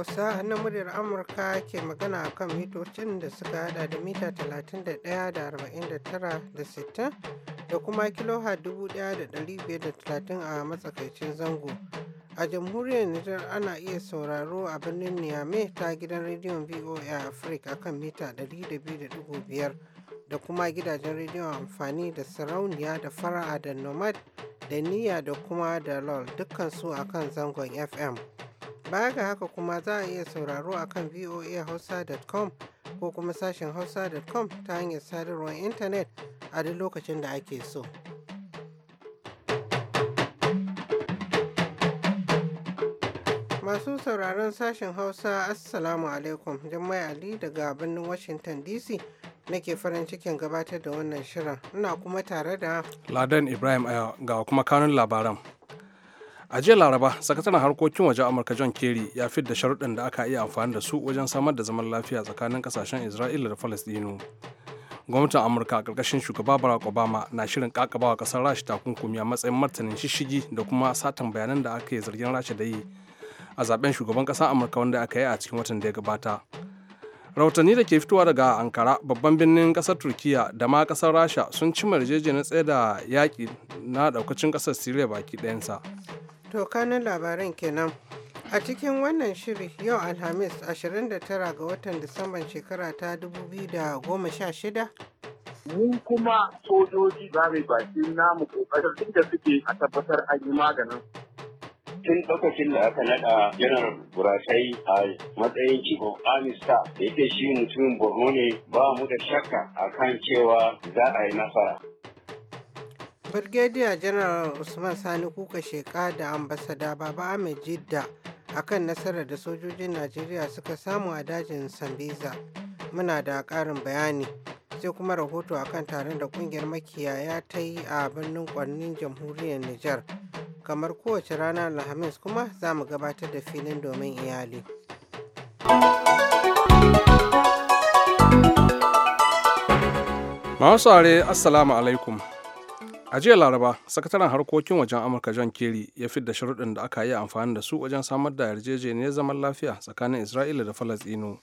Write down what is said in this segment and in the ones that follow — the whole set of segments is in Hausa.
Hausa na muryar Amurka ke magana a kan mitocin da suka hada da mita 31 da 49 da 60 da kuma kiloha 1530 a matsakaicin zango. A jamhuriyar Nijar ana iya sauraro a birnin Niamey ta gidan rediyon VOA Africa kan mita 200.5 da kuma gidajen rediyon amfani da sarauniya da fara'a da nomad da Niya da kuma da lol dukkan su akan zangon FM. Baya ga haka kuma za a iya sauraro a kan voahausa.com ko kuma sashen hausa.com ta hanyar sadarwar intanet a duk lokacin da ake so. Masu sauraron sashen Hausa Assalamu alaikum Jummai Ali daga birnin Washington DC nake farin cikin gabatar da wannan shirin. Ina kuma tare da Ladan Ibrahim Ayo eh, ga kuma kanun labaran. a jiya laraba sakataren harkokin waje amurka john kerry ya fi da sharuɗan da aka iya amfani da su wajen samar da zaman lafiya tsakanin kasashen isra'ila da falastinu gwamnatin amurka a ƙarƙashin shugaba barack obama na shirin ƙaƙabawa ƙasar rasha takunkumi a matsayin martanin shishigi da kuma satan bayanan da aka yi zargin rasha da yi a zaben shugaban ƙasar amurka wanda aka yi a cikin watan da ya gabata rahotanni da ke fitowa daga ankara babban birnin ƙasar turkiya da ma ƙasar rasha sun ci yarjejeniyar tsaye da yaƙi na ɗaukacin ƙasar siriya baki ɗayansa To na labaran kenan. A cikin wannan shiri yau Alhamis 29 ga watan Disamban shekara ta 2016. Mu kuma sojoji za mu bakin namu kokarin duk da suke a tabbatar an yi maganin. Tun lokacin da aka naɗa yanar burashai a matsayin chief Amista da yake shi mutumin borno ne ba mu da shakka a kan cewa za a yi nasara. Birgediya Janaral Usman Sani kuka sheka da ambasada Baba Ahmed Jidda akan nasarar da sojojin Najeriya suka samu a dajin Sambisa. Muna da ƙarin bayani. Sai kuma rahoto akan taron da kungiyar makiyaya ta yi a birnin kwannin jamhuriyar Nijar. Kamar kowace rana Alhamis kuma za mu gabatar da filin domin iyali. Masu assalamu alaikum. a jiya laraba sakataren harkokin wajen amurka john kerry ya fidda sharuɗin da aka yi amfani da su wajen samar da yarjejeniyar zaman lafiya tsakanin isra'ila da falastinu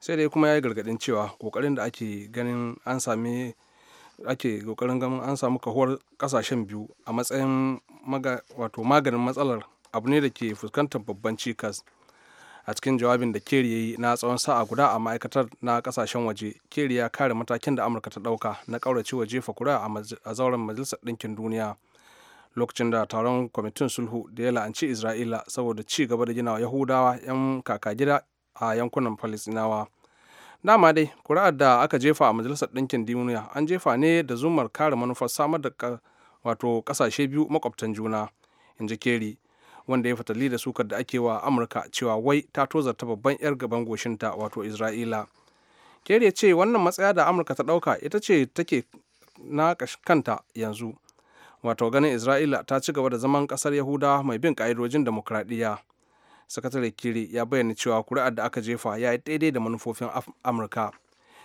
sai dai kuma ya yi gargaɗin cewa kokarin da ake ganin an sami ake kokarin ganin an samu kahuwar ƙasashen biyu a matsayin wato maganin matsalar abu ne da ke fuskantar babban cikas a cikin jawabin da keri ya yi na tsawon sa'a guda a ma'aikatar na kasashen waje keri ya kare matakin da amurka ta ɗauka na kaurace wa jefa kuri'a a zauren majalisar ɗinkin duniya lokacin da taron kwamitin sulhu da ya la'anci isra'ila saboda ci gaba da ginawa yahudawa 'yan kaka gida a yankunan falistinawa dama dai kuri'ar da aka jefa a majalisar ɗinkin duniya an jefa ne da zumar kare manufar samar da wato ƙasashe biyu makwabtan juna in ji keri wanda ya fatali da sukar da ake wa amurka cewa wai ta tozarta babban 'yar gaban goshinta wato isra'ila kerry ya ce wannan matsaya da amurka ta dauka ita ce take na kanta yanzu wato ganin isra'ila ta ci gaba da zaman kasar yahuda mai bin ƙa'idojin demokradiyya sakatare kiri ya bayyana cewa kuri'ar da aka jefa ya yi daidai da manufofin amurka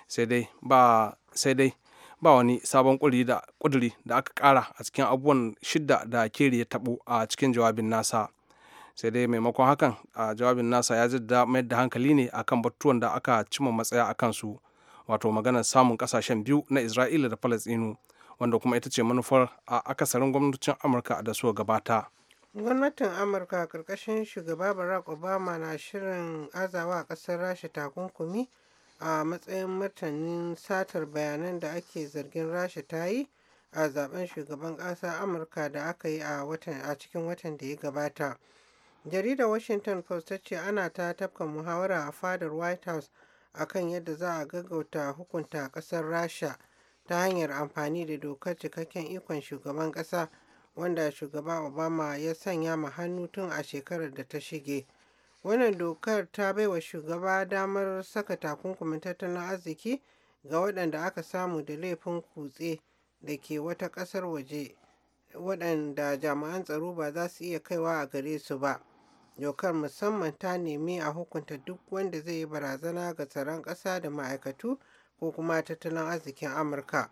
sai dai ba sai dai ba wani sabon kuduri da aka kara a cikin abubuwan shidda da keri ya taɓo a cikin jawabin nasa sai dai maimakon hakan a jawabin nasa ya jaddada mayar da hankali ne akan batutuwan da aka cima matsaya a kansu wato maganar samun kasashen biyu na isra'ila da falastinu wanda kuma ita ce manufar a akasarin gwamnatocin amurka da suka gabata gwamnatin amurka a ƙarƙashin shugaba barack obama na shirin azawa a ƙasar rasha takunkumi a matsayin martanin satar bayanan da ake zargin rasha ta yi a zaben shugaban ƙasa amurka da aka yi a cikin watan da ya gabata jaridar washington post ta ce ana ta tafka muhawara a fadar white house akan yadda za a gaggauta hukunta ƙasar rasha ta hanyar amfani da dokar cikakken ikon shugaban ƙasa wanda shugaba obama ya sanya ma hannu tun a shekarar da ta shige. Wannan dokar ta bai wa shugaba damar saka takunkumin tattalin arziki ga waɗanda aka samu da laifin kutse da ke wata ƙasar waje waɗanda jami'an tsaro ba za su iya kaiwa a gare su ba. Dokar musamman ta nemi a hukunta duk wanda zai yi barazana ga tsaron ƙasa da ma'aikatu ko kuma tattalin arzikin Amurka.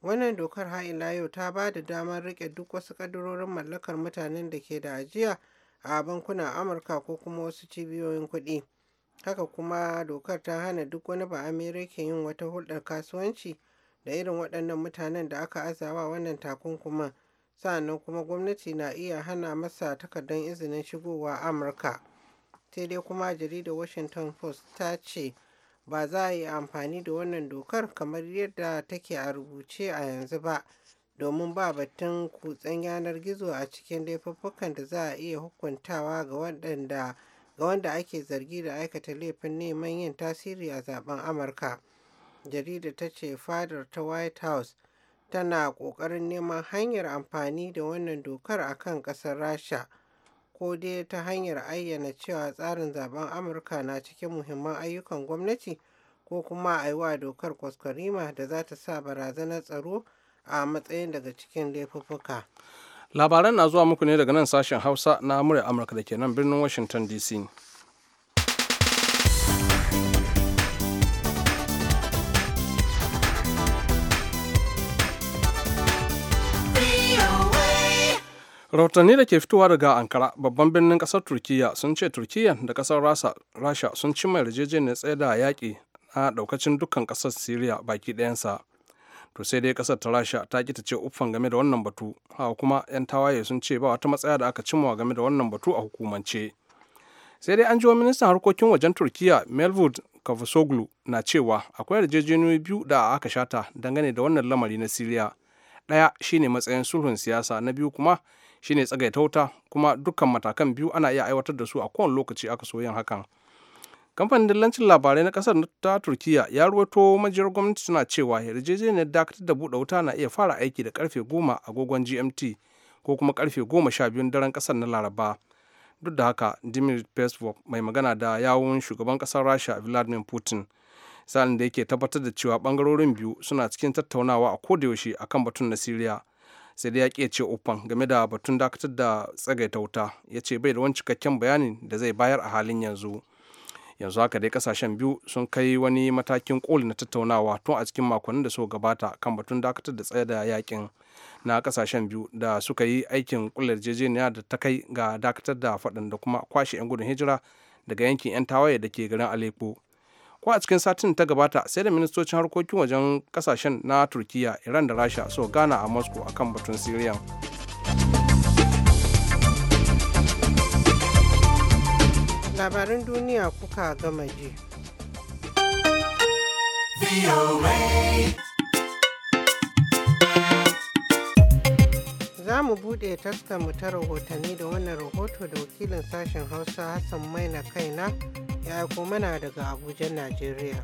Wannan dokar ha'ila yau ta ba da damar riƙe duk wasu ƙaddarorin mallakar mutanen da ke da ajiya a bankunan Amurka ko kuma wasu cibiyoyin kuɗi. Haka kuma dokar ta hana duk wani ba Amerika yin wata hulɗar kasuwanci da irin waɗannan mutanen da aka azawa wannan takunkuman. Sa'annan kuma gwamnati na iya hana masa takardar izinin shigowa Amurka. Sai dai kuma jaridar Washington Post ta ce ba za a yi amfani da wannan dokar kamar yadda take a rubuce a yanzu ba. domin ba batun kutsen yanar gizo a cikin laifuffukan da za a iya hukuntawa ga waɗanda ga wanda ake zargi da aikata laifin neman yin tasiri a zaben amurka jarida ta ce fadar ta white house tana ƙoƙarin neman hanyar amfani da wannan dokar a kan ƙasar rasha ko dai ta hanyar ayyana cewa tsarin zaben amurka na cikin muhimman ayyukan gwamnati ko kuma a yi wa dokar kwaskwarima da za ta sa barazanar tsaro a matsayin daga cikin laifuffuka labaran na zuwa muku ne daga nan sashen hausa na murya amurka da ke nan birnin washington dc rahotanni da ke fitowa daga ankara babban birnin kasar turkiyya sun ce turkiyya da kasar rasha sun cimma yarjejeniyar tsaye da yaƙi na daukacin dukkan kasar syria baki ɗayansa to sai dai kasar ta rasha ta ki ta ce uffan game da wannan batu haka kuma 'yan tawaye sun ce ba wata matsaya da aka cimma game da wannan batu a hukumance sai dai an ji ministan harkokin wajen turkiya melvud kavusoglu na cewa akwai yarjejeniyoyi biyu da aka shata dangane da wannan lamari na siriya ɗaya shine matsayin sulhun siyasa na biyu kuma shine wuta kuma dukkan matakan biyu ana iya aiwatar da su a kowane lokaci aka so yin hakan kamfanin dillancin labarai na kasar ta turkiya ya ruwato majiyar gwamnati suna cewa yarjejeniyar dakatar da buɗe wuta na iya fara aiki da karfe goma agogon gmt ko kuma karfe goma sha biyun daren kasar na laraba duk da haka dimitri peskov mai magana da yawun shugaban kasar rasha vladimir putin sanin da yake tabbatar da cewa bangarorin biyu suna cikin tattaunawa a kodayaushe akan batun na siriya sai dai ya ƙi ce uffan game da batun dakatar da tsagaita wuta ya ce bai da wani cikakken bayanin da zai bayar a halin yanzu yanzu haka dai kasashen biyu sun kai wani matakin koli na tattaunawa tun a cikin makonnin da suka gabata kan batun dakatar da tsaye da yakin na kasashen biyu da suka yi aikin kula jejeniya da ta kai ga dakatar da faɗin da kuma kwashe 'yan gudun hijira daga yankin 'yan tawaye da ke garin Aleppo. Ko a cikin satin ta gabata sai da ministocin harkokin wajen kasashen na Turkiya, Iran da Rasha so gana a Moscow akan batun siriya labaran duniya kuka gama je. za mu buɗe taskar mu ta rahotanni da wannan rahoto da wakilin sashen hausa hassan maina kaina ya aiko mana daga abuja najeriya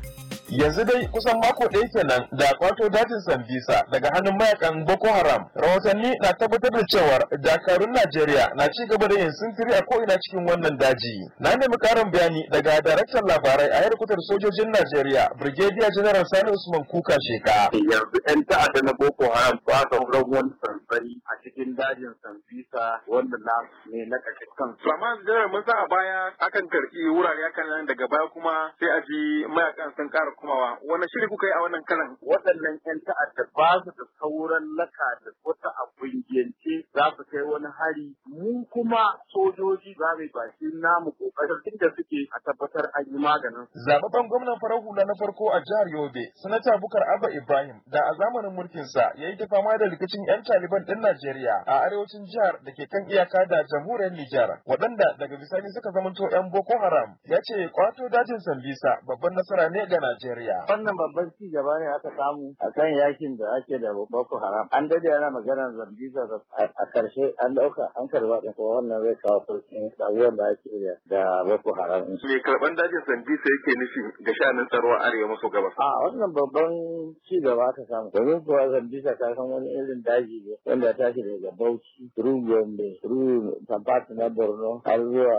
yanzu dai kusan mako ɗaya kenan da kwato dajin sambisa daga hannun mayakan boko haram rahotanni na tabbatar da cewa dakarun najeriya na ci gaba da yin sintiri a ko'ina cikin wannan daji na nemi karin bayani daga daraktan labarai a yarkutar sojojin najeriya brigadier general sani usman kuka sheka yanzu yan ta'adda na boko haram ba sa wurin wani sansani a cikin dajin sambisa wanda na ne na kakakkan amma general mun sa a baya akan karɓi wurare akan daga baya kuma sai a ji mayakan sun ƙara komawa wani shiri kuka yi a wannan karan waɗannan 'yan ta'adda ba su da sauran laka da wata a za su kai wani hari mu kuma sojoji za mu bashi namu kokarin da suke a tabbatar an yi maganin zababban gwamnan farar hula na farko a jihar Yobe sanata Bukar Abba Ibrahim da a zamanin mulkin sa yayi ta fama da rikicin 'yan Taliban ɗin Najeriya a arewacin jihar da ke kan iyaka da jamhuriyar Nijar waɗanda daga bisani suka zamanto 'yan Boko Haram ya ce kwato dajin Sambisa babban nasara ne ga Najeriya Najeriya. Wannan babban ci gaba ne aka samu a kan yakin da ake da Boko Haram. An dade ana magana zambiza a karshe an dauka an karba da kuma wannan zai kawo sauƙin abubuwan da ake da Boko Haram. Me karban dajin zambiza yake nufi ga sha'anin tsaro a arewa maso gabas? A wannan babban ci gaba aka samu. Domin kuwa zambiza ta san wani irin daji ne wanda ta tashi daga Bauchi, Ru Gombe, Ru Tabbatu na Borno har zuwa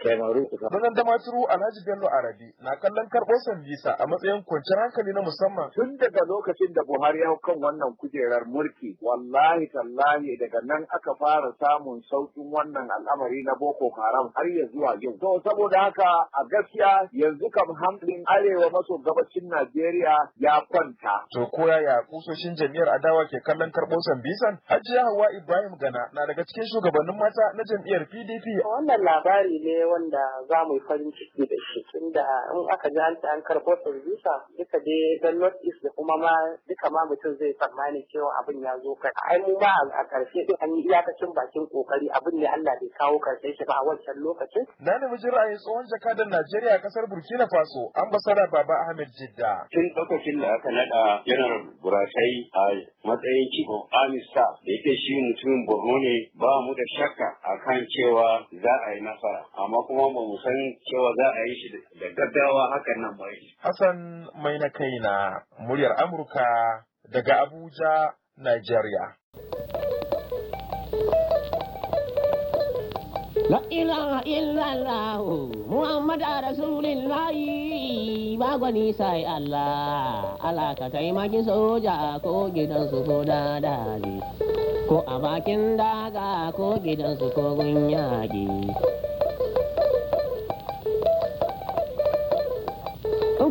Kemaru. Mazan damaturu Alhaji Bello Arabi na kallon karɓo sa a matsayin kwanciyar hankali na musamman. Tun daga lokacin da Buhari ya kan wannan kujerar mulki, wallahi tallahi daga nan aka fara samun sautin wannan al'amari na Boko Haram har ya zuwa yau. To saboda haka a gaskiya yanzu kam hamdin arewa maso gabashin Najeriya ya kwanta. To ko yaya kusoshin jami'ar adawa ke kallon karɓo bisan? Hajiya Hauwa Ibrahim Gana na daga cikin shugabannin mata na jam'iyyar PDP. Wannan labari ne wanda za mu yi farin ciki da shi, inda in aka ji an karɓo bisa duka dai don north east da kuma ma duka ma mutum zai tsammanin cewa abin ya zo kai ai mu ma a karshe din an yi iyakacin bakin kokari abin ne Allah bai kawo karshe shi ba a wancan lokacin na nemi jin ra'ayin tsohon jakadan Najeriya kasar Burkina Faso ambasada Baba Ahmed Jidda tun lokacin da aka nada General Burashai a matsayin chief of da yake shi mutumin Borno ne ba mu da shakka akan cewa za a yi nasara amma kuma ba mu san cewa za a yi shi da gaggawa hakan nan ba Hassan Hassan mai na kai na muryar Amurka daga Abuja, Nigeria. La ilaha illallah Muhammad Rasulullah ba gwani sai Allah Allah ka taimaki soja ko gidansu ko dadali ko a bakin daga ko gidansu ko gunyaki.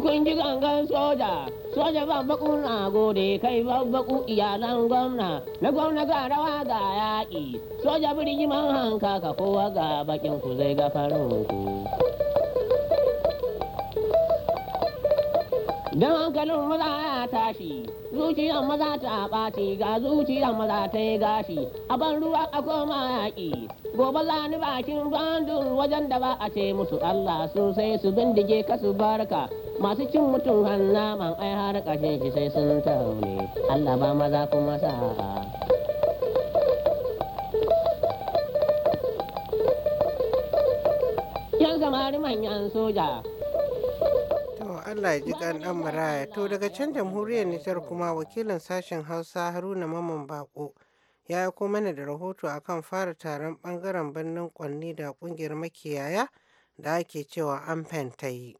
kun ji gangan soja soja ba baku na gode kai ban baku iyalan gwamna na gwamna ga rawa ga yaƙi soja birni man hanka ka kowa ga bakin ku zai ga farin ku don hankalin maza ya tashi zuciyar maza ta ɓaci ga zuciyar maza ta yi gashi a ban ruwa a koma yaƙi gobe za ni bakin bandun wajen da ba a ce musu Allah sai su bindige ka su barka masu cin mutum hanna man ai har ƙashin shi sai sun taune Allah ba maza kuma sa'a yan samari manyan soja Allah ya ji kan dan maraya to daga can jamhuriyar Nijar kuma wakilin sashen Hausa Haruna Maman Bako ya yi mana da rahoto akan fara taron bangaren birnin kwanni da kungiyar makiyaya da ake cewa Amfen ta yi.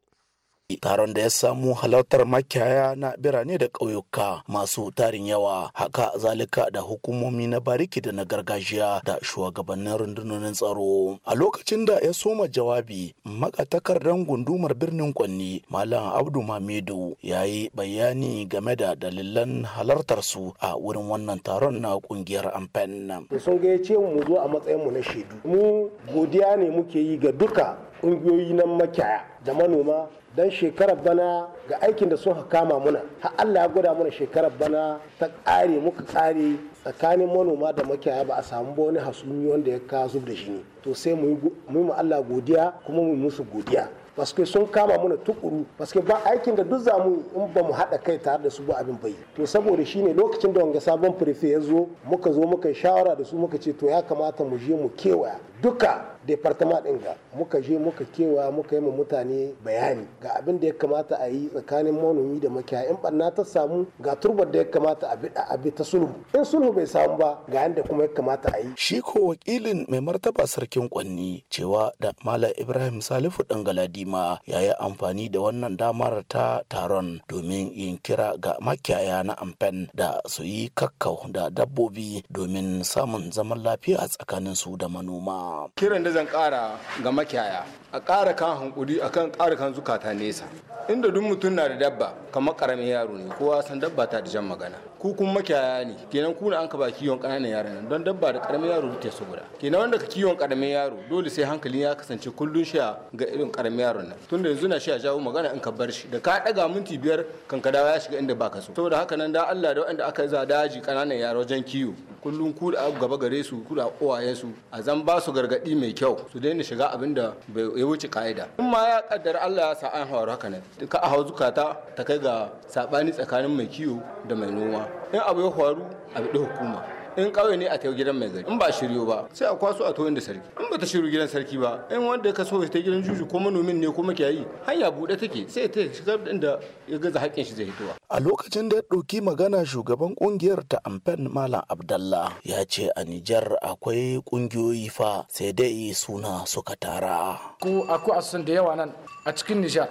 taron da ya samu halartar makiyaya na birane da ƙauyuka masu tarin yawa haka zalika da hukumomi na bariki da na gargajiya da shugabannin rundunonin tsaro a lokacin da ya soma jawabi magatakardan gundumar birnin kwanni malam abdu mamedu ya yi bayani game da dalilan halartar su a wurin wannan taron na kungiyar amfen sun gayyace mu zo a matsayin mu na shaidu mu godiya ne muke yi ga duka ƙungiyoyi na makiyaya da manoma don shekarar bana ga aikin da sun kama muna har Allah ya gwada mana shekarar bana ta ƙare muka ƙare tsakanin manoma da makiyaya ba a samu ba wani hasumi wanda ya ka zub da shi ne to sai mu yi mu Allah godiya kuma mu musu godiya paske sun kama mana tukuru paske ba aikin da duk zamu in ba mu haɗa kai tare da su ba abin bai to saboda shine lokacin da wanga sabon prefe ya zo muka zo muka shawara da su muka ce to ya kamata mu je mu kewaya duka departement din ga muka je muka kewa muka yi ma mutane bayani ga abin da ya kamata a yi tsakanin manomi da makiyaya in barna ta samu ga turbar da ya kamata a bi ta sulhu in sulhu bai samu ba ga yadda kuma ya kamata a yi shi ko wakilin mai martaba sarkin kwanni cewa da malam ibrahim salifu dan galadima ya yi amfani da wannan damar ta taron domin yin kira ga makiyaya na amfen da su yi kakkau da dabbobi domin samun zaman lafiya a tsakanin su da manoma kiran da da zan kara ga makiyaya a kara kan hankuri kan kara kan zukata nesa inda duk mutum na da dabba kamar karamin yaro ne kowa san dabba ta da jan magana ku kun makiyaya ne kenan ku na an ka ba kiwon ƙananan yaran nan don dabba da karamin yaro ta su guda kenan wanda ka kiwon karamin yaro dole sai hankali ya kasance kullun shi ga irin karamin yaron nan tunda yanzu na sha jawo magana in ka bar shi da ka daga minti biyar kan ka dawo ya shiga inda baka so saboda haka nan da Allah da wanda aka za daji ƙananan yaro wajen kiwo kullun ku da gaba gare su ku da uwayen su a zan ba su gargadi mai kyau su daina shiga abin da bai wuce ka'ida in ma ya kaddar Allah ya sa an hawar haka nan ka a hau zukata ta kai ga sabani tsakanin mai kiwo da mai noma in abu ya faru a bi hukuma in kawai ne a ta gidan mai gari in ba shiryo ba sai a kwaso a toyin da sarki in ba ta shiryo gidan sarki ba in wanda ya kaso ta gidan juju ko manomin ne ko makiyayi hanya buɗe take sai ta shigar inda ya gaza haƙƙin shi zai hitowa a lokacin da ya ɗauki magana shugaban ƙungiyar ta amfen malam abdallah ya ce a nijar akwai kungiyoyi fa sai dai suna suka tara ko akwai asusun da yawa nan a cikin nijar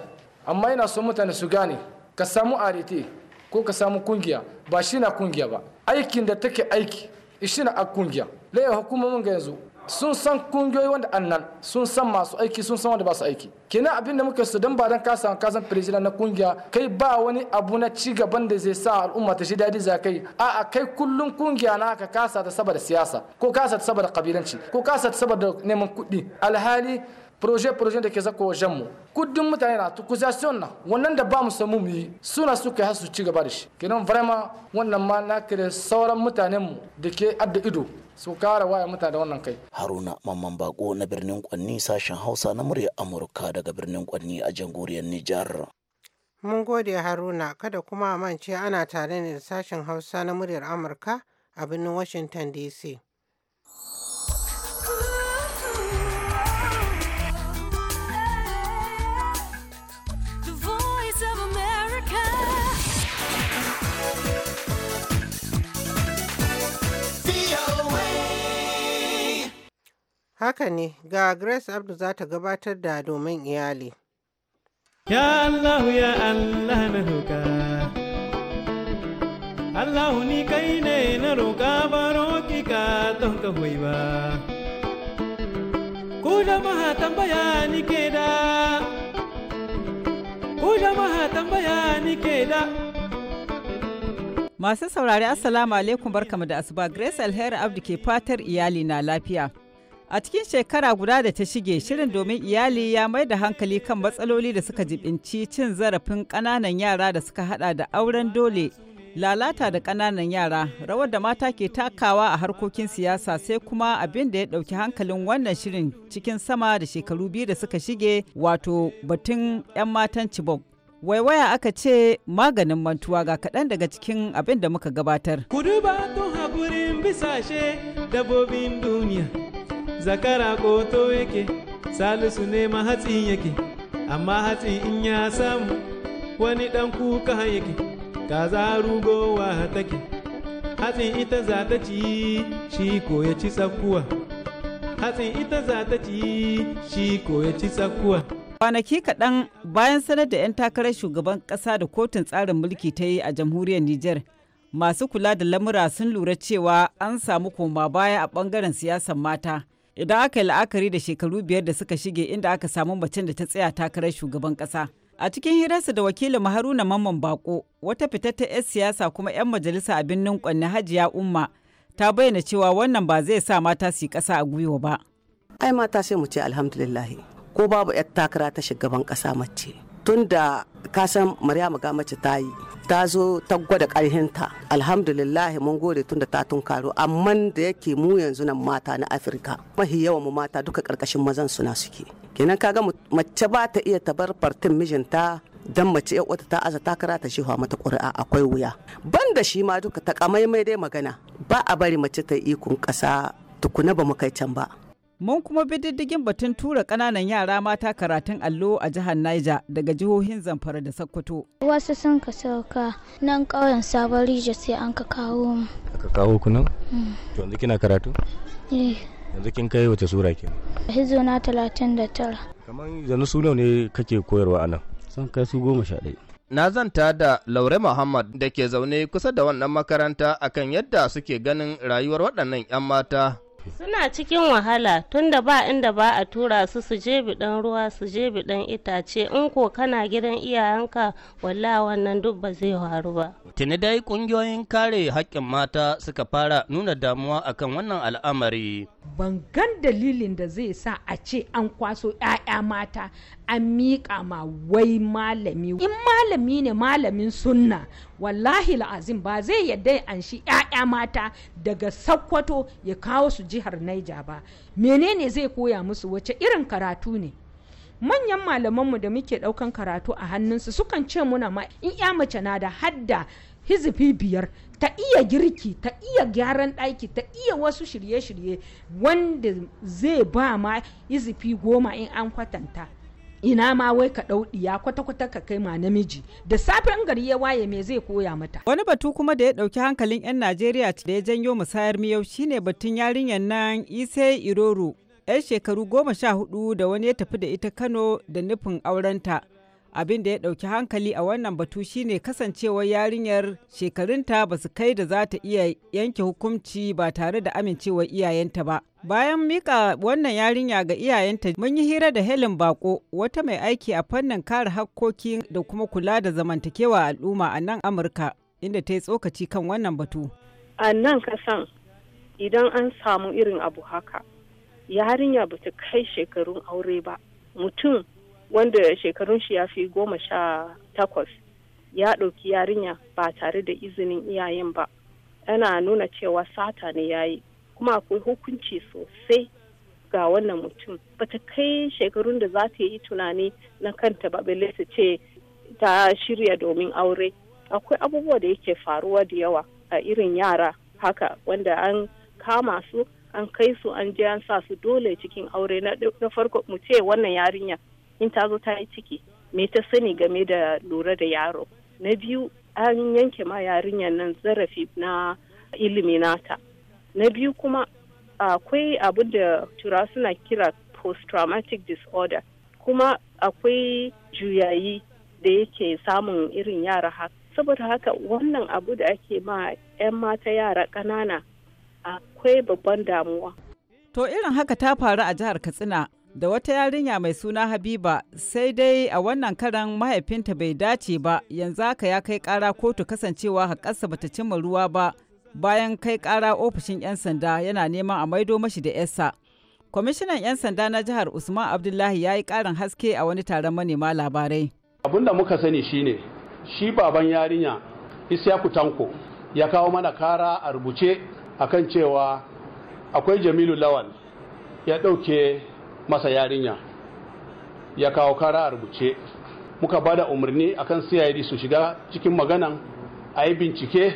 amma yana so mutane su gane ka samu arete ko ka samu kungiya ba shi na kungiya ba aikin da take aiki ishi na a kungiya laye hukumomin ga yanzu sun san kungiyoyi wanda annan sun san masu aiki sun san wanda ba su aiki kenan abin da muke su dan ba dan kasan kasan president na kungiya kai ba wani abu na ci gaban da zai sa al'umma ta ji dadi za kai a a kai kullun kungiya na ka kasa ta saboda siyasa ko kasa ta saboda kabilanci ko kasa ta saboda neman kuɗi alhali projet-projet da ke zako wajen mu kudin mutane na tukuzasiyon na wannan da ba mu samu mu yi suna su kai su ci gaba da shi kenan vraiment wannan ma na kire sauran mutanen mu da ke adda ido su kara waya mutane wannan kai haruna mamman bako na birnin kwanni sashen hausa na murya amurka daga birnin kwanni a jamhuriyar nijar mun gode haruna kada kuma a mance ana tare ne da sashen hausa na muryar amurka a birnin washington dc Haka ne ga Grace Abdu za ta gabatar da domin iyali. Ya Allah ya Allah na roƙa. Allah ni kai ne na roƙa baro ki ka don ka hoyi ba. Ku jama'a tambaya ni ke da. Ku jama'a tambaya ni ke da. Masu saurari Assalamu alaikum barkamu da asuba Grace Alheri Abdu ke fatar iyali na lafiya. A cikin shekara guda da ta shige shirin domin iyali ya mai da hankali kan matsaloli da suka jibinci cin zarafin ƙananan yara da suka hada da auren dole, lalata da ƙananan yara, rawar da mata ke takawa a harkokin siyasa sai kuma abin da ya ɗauki hankalin wannan shirin cikin sama da shekaru biyu da suka shige wato batun 'yan matan cibok Waiwaya aka ce maganin mantuwa ga kaɗan daga cikin abin da muka gabatar. tun ba bisa dabobin duniya. zakara koto yake salisu ne ma hatsin yake amma hatsin in ya samu wani dan kuka yake kaza rugowa take hatsin ita za ta ci shi ko ya ci tsakuwa hatsin ita za ta ci shi ko ya ci tsakuwa kwanaki kaɗan bayan sanar da 'yan takarar shugaban ƙasa da kotun tsarin mulki ta yi a jamhuriyar niger masu kula da lamura sun lura cewa an samu koma baya a ɓangaren siyasar mata idan aka yi la'akari da shekaru biyar da suka shige inda aka samu macen da ta tsaya takarar shugaban kasa A cikin hirarsa da wakilin Haruna Mamman Bako, wata fitatta 'yan siyasa kuma 'yan majalisa a birnin Kwanne Hajiya Umma ta bayyana cewa wannan ba zai sa mata su yi kasa a gwiwa ba. Ai mata sai mu ce alhamdulillah ko babu 'yar takara ta shugaban kasa mace. tun da kasan Maryama ga mace ta yi ta zo ta gwada ta alhamdulillah mun gode tun da ta tunkaro amma da yake mu yanzu nan mata na afirka mahi yawan mu mata duka ƙarƙashin mazan suna suke kenan kaga mace ba ta iya tabar fartin mijinta dan mace ya wata ta aza ta kara ta shewa mata ƙuri'a akwai wuya banda shi ma duka ta kamaimai dai magana ba a bari mace ta yi ikon kasa tukuna ba mu kai can ba Mun kuma bi diddigin batun tura ƙananan yara mata karatun allo a jihar Niger daga jihohin Zamfara da Sokoto. Wasu sun ka sauka nan ƙauyen Sabon Rija sai an ka kawo mu. Aka kawo ku nan? Mm. To yanzu kina karatu? Eh. Yanzu kin kai wace sura ke? Hizo na talatin da tara. Kamar yanzu su ne kake koyarwa a nan? Sun kai su goma sha ɗaya. na zanta da Laure Muhammad da ke zaune kusa da wannan makaranta akan yadda suke ganin rayuwar waɗannan 'yan mata Suna cikin wahala tunda ba inda ba a tura su su je bidan ruwa su je bidan itace in ko kana gidan iyayenka walla wannan duk ba zai faru ba. Tuni dai kungiyoyin kare haƙƙin mata suka fara nuna damuwa akan wannan al'amari. ban gan dalilin da zai sa a ce an kwaso 'ya'ya mata an miƙa ma wai malami in malami ne malamin sunna wallahi la'azim ba zai yadda an shi 'ya'ya mata daga sakkwato ya kawo su jihar naija ba menene zai koya musu wace irin karatu ne manyan malamanmu da muke ɗaukan karatu a hannunsu sukan ce muna ma in 'ya mace na da hadda hizifi biyar ta iya girki ta iya gyaran ɗaki ta iya wasu shirye-shirye wanda zai ba ma izifi goma in an kwatanta ina ma wai ka ɗauɗiya kwata-kwata ka kai ma namiji da safen gari ya waye me zai koya mata wani batu kuma da ya ɗauki hankalin 'yan najeriya da ya janyo musayar miyau shine batun yarinyar nan ise iroro 'yan shekaru goma sha hudu da wani ya tafi da ita kano da nufin aurenta abin da ya ɗauki hankali a wannan batu shine kasancewar yarinyar shekarunta ba su kai da za ta iya yanke hukunci ba tare da amincewar iyayenta ba bayan mika wannan yarinya ga iyayenta mun yi hira da helen bako wata mai aiki a fannin kare hakkoki da kuma kula da zamantakewa al'umma a nan amurka inda ta yi tsokaci kan wannan batu a nan kasan idan an samu irin abu haka yarinya ba ta kai shekarun aure ba mutum wanda shekarun shi ya fi goma sha takwas ya ɗauki yarinya ba tare da izinin iyayen ba yana nuna cewa sata ne ya yi kuma akwai hukunci sosai ga wannan mutum bata kai shekarun da za ta yi tunani na kanta ba balle su ce ta shirya domin aure akwai abubuwa da yake faruwa da yawa a irin yara haka wanda an kama su an kai su an je an sa su dole cikin aure na farko mu ce wannan yarinya in ta zo ta yi ciki me ta sani game da lura da yaro na biyu an yanke ma yarinyar nan zarafi na ilimi nata na biyu kuma akwai abu da tura suna kira post-traumatic disorder kuma akwai juyayi da yake samun irin yara haka saboda haka wannan abu da ake ma 'yan mata yara kanana akwai babban damuwa to irin haka ta faru a jihar katsina da wata yarinya mai suna Habiba sai dai a wannan karan mahaifinta bai dace ba yanzu haka ya kai kara kotu kasancewa haƙarsa bata cimma ruwa ba bayan kai kara ofishin 'yan sanda yana neman a maido mashi da 'yarsa. Kwamishinan 'yan sanda na jihar Usman Abdullahi ya yi ƙarin haske a wani taron manema labarai. Abin da muka sani shine shi baban yarinya Isyaku Tanko ya kawo mana kara a rubuce akan cewa akwai Jamilu Lawal ya ɗauke masa yarinya ya kawo kara a rubuce muka ba da umarni akan cid su shiga cikin maganan a yi bincike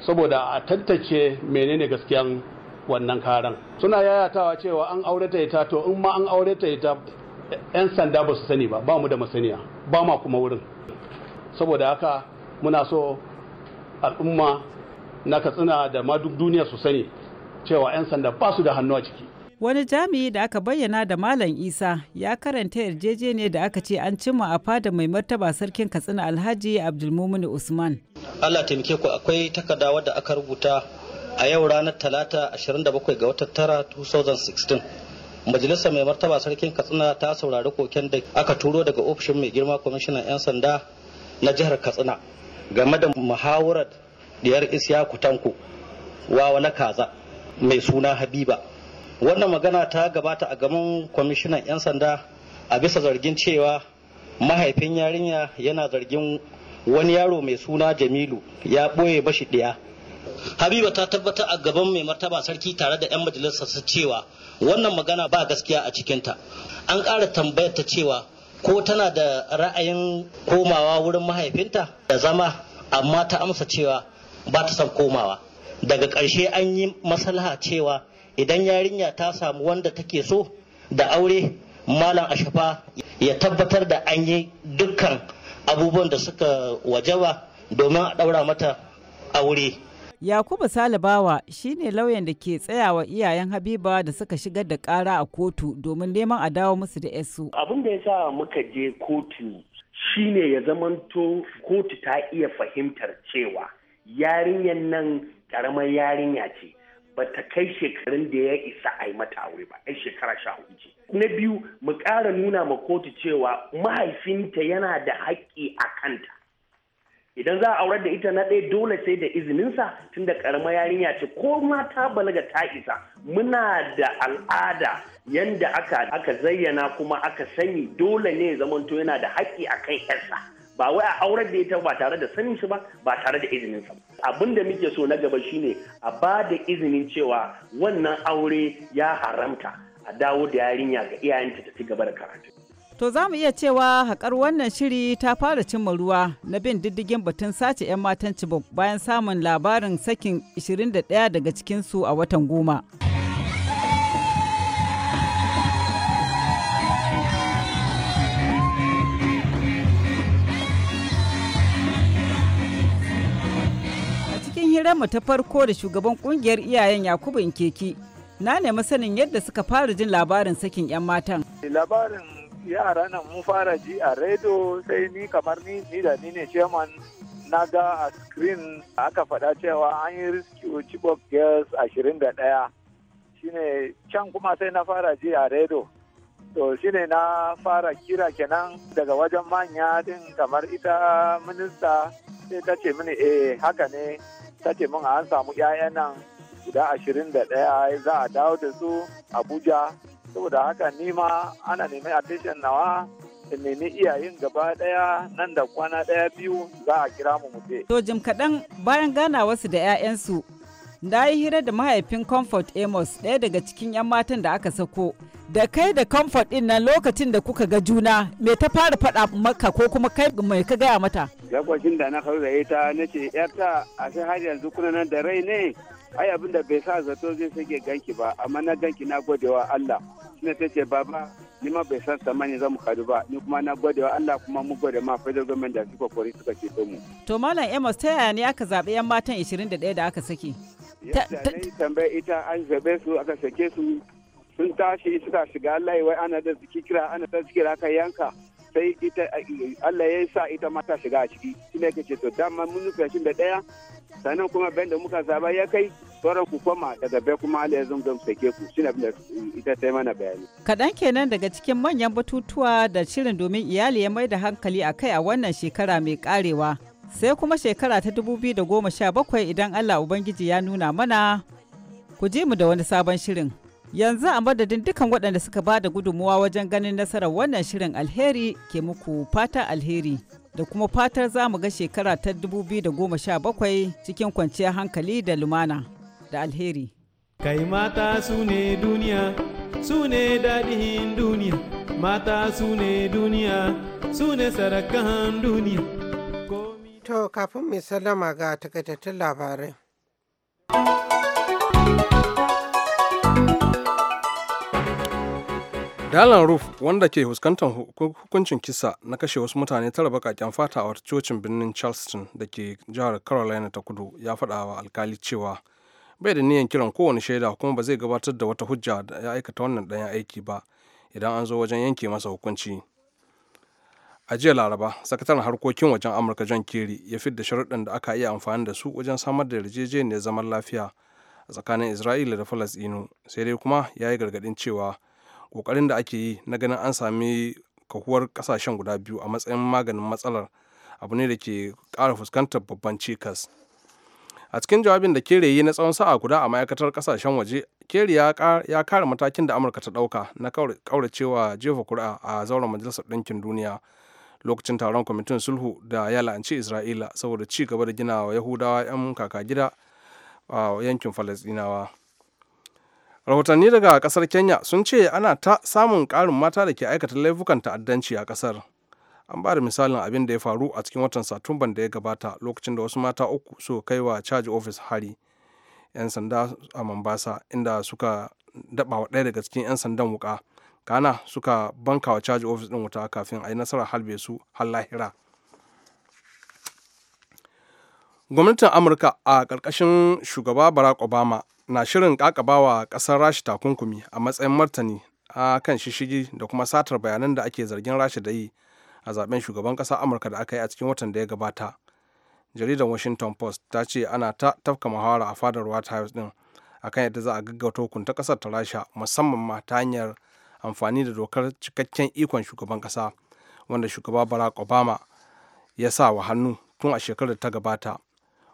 saboda a tattace menene gaskiyan wannan karan suna yayatawa cewa an aure ta ita to in ma an aure ta ita 'yan sanda ba su sani ba ba mu da masaniya ba ma kuma wurin saboda haka muna so al'umma na katsina da ma duk duniya su sani cewa 'yan sanda ba su da hannu a ciki wani jami'i da aka bayyana da malam isa ya karanta yarjejeniyar da aka ce an cimma a fada mai martaba sarkin katsina alhaji abdulmumin usman allah taimake ku akwai takarda wadda aka rubuta a yau ranar talata 27 ga watan tara 2016 majalisar mai martaba sarkin katsina ta saurari koken da aka turo daga ofishin mai girma kwamishinan 'yan sanda na jihar katsina game da muhawarar diyar isya kutanku wa wani kaza mai suna habiba wannan magana ta gabata a gaban kwamishinan 'yan sanda a bisa zargin cewa mahaifin yarinya yana zargin wani yaro mai suna jamilu ya ɓoye bashi ɗaya habiba ta tabbatar a gaban mai martaba sarki tare da 'yan majalisar su cewa wannan magana ba gaskiya a cikinta an ƙara tambayar ta cewa ko tana da ra'ayin komawa wurin mahaifinta da zama amma ta amsa cewa ba ta son komawa daga ƙarshe an yi maslaha cewa idan yarinya ta samu wanda take so da aure malam ashafa ya tabbatar da an yi dukkan abubuwan da suka wajaba domin a ɗaura mata aure yakubu salibawa shine lauyan da ke tsayawa iyayen habiba da suka shigar da kara a kotu domin neman a dawo musu da yasu abin da ya sa muka je kotu shine ya zamanto kotu ta iya fahimtar cewa yarinyar nan ƙaramar yarinya ce ba ta kai shekarun da ya isa a yi mata aure ba ai shekara sha hudu na biyu mu ƙara nuna ma kotu cewa mahaifinta yana da haƙƙi a kanta idan za a aurar da ita na ɗaya dole sai da izininsa tun da ƙarama yarinya ce ko mata balaga ta isa muna da al'ada yanda aka zayyana kuma aka sani dole ne zamanto yana da haƙƙi a kan 'yarsa ba wai a aurar da ita ba tare da sanin shi ba ba tare da izinin sa abin da muke so na gaba shine a ba da izinin cewa wannan aure ya haramta a dawo da yarinya ga iyayenta ta ci gaba da karatu To za mu iya cewa haƙar wannan shiri ta fara cimma ruwa na bin diddigin batun sace 'yan matan Chibok bayan samun labarin sakin 21 daga cikinsu a watan goma. hirarmu ta farko da shugaban kungiyar iyayen Yakubu Inkeki na nemi sanin yadda suka fara jin labarin sakin 'yan matan. Labarin yara nan mun fara ji a redo sai ni kamar ni ni da ni ne chairman na ga a screen aka faɗa cewa an yi rescue chibok girls 21 shine can kuma sai na fara ji a redo to shine na fara kira kenan daga wajen manya din kamar ita minista sai ta ce mini eh haka ne ta ce mun an samu 'ya'yan nan guda ashirin da ɗaya za a dawo da su abuja saboda haka nima ana neman attention nawa in nemi iyayen gaba ɗaya nan da kwana ɗaya biyu za a kira mu muje. to jim kaɗan bayan gana wasu da 'ya'yansu da yi hira da mahaifin comfort amos ɗaya daga cikin 'yan matan da aka sako da kai da comfort ɗin nan lokacin da kuka ga juna me ta fara faɗa maka ko kuma kai mai ka gaya mata lokacin da na kauraye ta na ce yarta a sai har yanzu kuna nan da rai ne ai abin da bai sa zato zai sake ganki ba amma na ganki na godewa Allah shine ta ce baba ni ma bai san samani za mu kadu ba ni kuma na godewa Allah kuma mu gode ma federal government da suka kori suka ceto mu to malam Amos ta yaya ne aka zaɓi yan matan 21 da aka saki yadda ne tambaye ita an zabe su aka sake su sun tashi suka shiga layi wai ana da zikira ana da zikira aka yanka sai ita Allah ya sa ita mata shiga a ciki shi ne kace to dama mun nufi shi da daya sannan kuma banda muka zaba ya kai sauran ku koma daga bai kuma Allah ya zungun sake ku shi ne ita sai mana bayani kaɗan kenan daga cikin manyan batutuwa da shirin domin iyali ya mai da hankali a kai a wannan shekara mai karewa sai kuma shekara ta 2017 idan Allah ubangiji ya nuna mana ku ji mu da wani sabon shirin Yanzu a madadin dukkan waɗanda suka ba da gudunmuwa wajen ganin nasarar wannan shirin alheri ke muku fata alheri da kuma fatar za mu ga shekara ta 2017 cikin kwanciyar hankali da lumana da alheri. Kai mata su ne duniya, su ne daɗin duniya, mata su ne duniya, su ne sarakan duniya. To kafin mai salama ga takaitattun labarai. Dalan Roof wanda ke fuskantar hukuncin kisa na kashe wasu mutane tara bakaken fata a wata cocin birnin Charleston da ke jihar Carolina ta kudu ya faɗa wa alkali cewa bai da niyan kiran kowane shaida kuma ba zai gabatar da wata hujja da ya aikata wannan ɗayan aiki ba idan an zo wajen yanke masa hukunci. A jiya Laraba, sakataren harkokin wajen Amurka John Kerry ya fidda sharuɗan da aka iya amfani da su wajen samar da yarjejeniyar zaman lafiya a tsakanin Isra'ila da Falasɗinu, sai dai kuma ya yi gargaɗin cewa kokarin da ake yi na ganin an sami kahuwar kasashen guda biyu a matsayin maganin matsalar abu ne da ke kara fuskantar babban cikas a cikin jawabin da kere yi na tsawon sa'a guda a ma'aikatar kasashen waje kere ya kare matakin da amurka ta dauka na kauracewa jefa kuri'a a zauren majalisar ɗinkin duniya lokacin taron kwamitin sulhu da ya la'anci isra'ila saboda ci gaba da gina wa yahudawa 'yan kaka gida a yankin falasɗinawa rahotanni daga kasar kenya sun ce ana ta samun karin mata da ke aikata laifukan ta'addanci a kasar an ba da misalin abin da ya faru a cikin watan satumban da ya gabata lokacin da wasu mata uku su kai wa caji ofis hari 'yan sanda a mombasa inda suka daba wa ɗaya daga cikin 'yan sandan wuka kana suka banka wa caji ofis ɗin wuta kafin a yi nasarar halbe su har lahira gwamnatin amurka a ƙarƙashin shugaba barack obama na shirin kakabawa kasar rashi takunkumi a matsayin martani a kan shishigi da kuma satar bayanan da ake zargin rashi da yi a zaben shugaban kasa amurka da aka yi a cikin watan da ya gabata jaridar washington post ta ce ana ta tafka muhawara a fadar white house din akan yadda za a gaggauta hukunta kasar ta rasha musamman ma ta hanyar amfani da dokar cikakken ikon shugaban kasa wanda shugaba barack obama ya sa wa hannu tun a shekarar ta gabata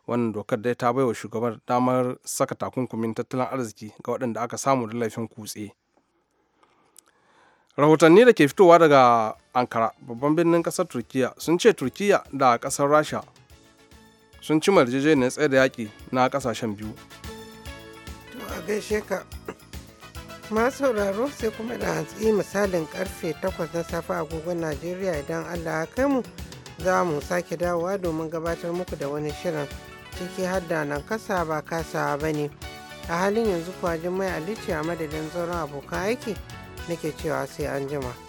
wannan dokar dai ta baiwa shugaban damar saka takunkumin tattalin arziki ga waɗanda aka samu da laifin kutse rahotanni da ke fitowa daga ankara babban birnin kasar turkiya sun ce turkiya da ƙasar rasha sun ci yarjejeniyar tsaye da yaƙi na kasashen biyu a masu sauraro sai kuma da hatsi misalin karfe 8 na safe agogon najeriya idan allah ya kai mu za mu sake dawowa domin gabatar muku da wani shirin ciki da nan kasa ba kasawa ba ne a halin yanzu kuwa jimai alici a madadin zauren abokan aiki nake cewa sai an jima.